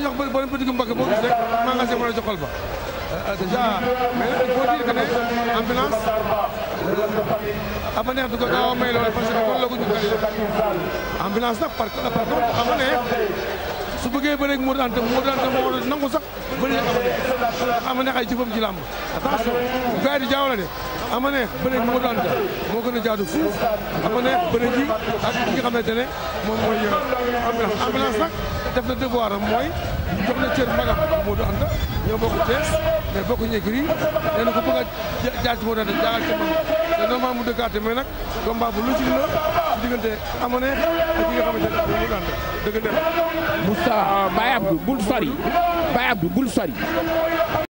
dañuy wax borom boutique Mbacké boo gis rek magasin mo la joxal fa euh, déjà mais il faut dire que ne ambulance euh, Amanekh a may loolu parce que kon la ko ñu gën ambulance nag par par contre Amanekh su bëggee ba rek moo daan te moo daan te moo nangu sax bëri na ama neex ay jëfam ci làmb attention gars yi di jaaw la de ama neex bëre ji moo gën a jaadu fuuf ama neex bëre ji ak ki nga xamante ne moom mooy euh, ambulance ambulance nag def na devoir am mooy jox na cër magam moo du ànd ñoo bokk tees mais bokk ñegri nee na ko bëgg a jaar ci moo daan da jaagal ci mag te normal mu dëkkaate mais nag combat bu logique la ci diggante ama neex ak ki nga xamante ne moo du ànd dëgg def Moussa Baye Abdou bul sori